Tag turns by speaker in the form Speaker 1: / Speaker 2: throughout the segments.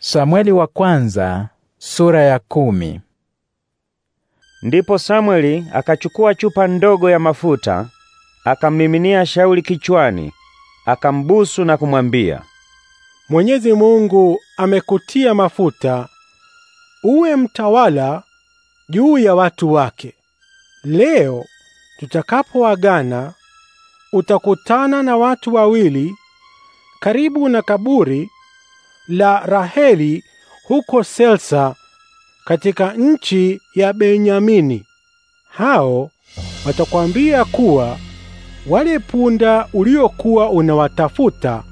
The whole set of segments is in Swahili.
Speaker 1: Samweli wa kwanza sura ya kumi. Ndipo Samweli akachukua chupa ndogo ya mafuta akammiminia
Speaker 2: Shauli kichwani, akambusu na kumwambia, Mwenyezi Mungu amekutia mafuta uwe mtawala juu ya watu wake. Leo tutakapoagana utakutana na watu wawili karibu na kaburi la Raheli huko Selsa katika nchi ya Benyamini. Hao watakwambia kuwa wale punda uliokuwa unawatafuta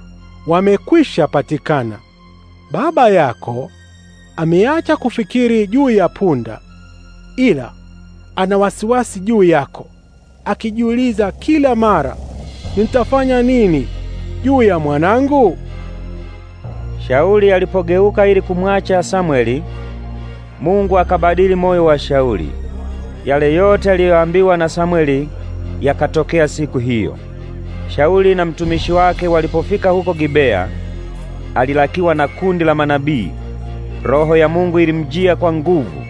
Speaker 2: wamekwisha patikana. Baba yako ameacha kufikiri juu ya punda, ila ana wasiwasi juu yako, akijiuliza kila mara, nitafanya nini juu ya mwanangu? Shauli
Speaker 1: alipogeuka ili kumwacha Samweli, Mungu akabadili moyo wa Shauli. Yale yote aliyoambiwa na Samweli yakatokea siku hiyo. Shauli na mtumishi wake walipofika huko Gibea, alilakiwa na kundi la manabii. Roho ya Mungu ilimjia kwa nguvu,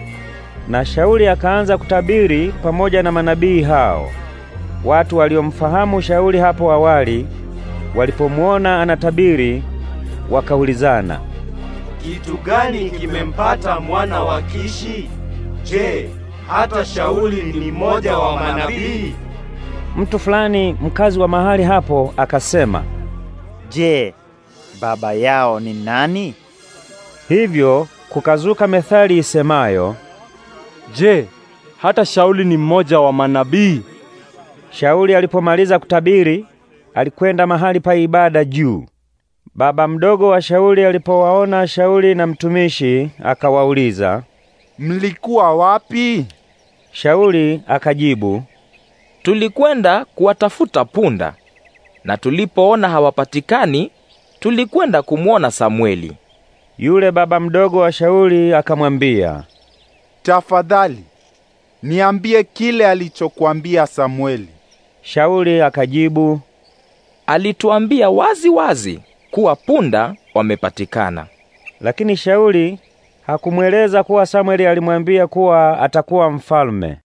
Speaker 1: na Shauli akaanza kutabiri pamoja na manabii hao. Watu waliomfahamu Shauli hapo awali walipomuona anatabiri wakaulizana,
Speaker 3: kitu gani kimempata mwana wa Kishi? Je, hata Shauli ni mmoja wa manabii?
Speaker 1: Mtu fulani mkazi wa mahali hapo akasema, je, baba yao ni nani? Hivyo kukazuka methali isemayo, je, hata Shauli ni mmoja wa manabii? Shauli alipomaliza kutabiri, alikwenda mahali pa ibada juu Baba mdogo wa Shauli alipowaona Shauli na mtumishi, akawauliza, mlikuwa wapi?
Speaker 3: Shauli akajibu, tulikwenda kuwatafuta punda, na tulipoona hawapatikani, tulikwenda kumwona Samweli. Yule baba mdogo wa Shauli akamwambia, tafadhali niambie kile alichokuambia Samweli. Shauli akajibu, alituambia wazi wazi kuwa punda wamepatikana.
Speaker 1: Lakini Shauli hakumweleza kuwa Samweli alimwambia kuwa atakuwa mfalme.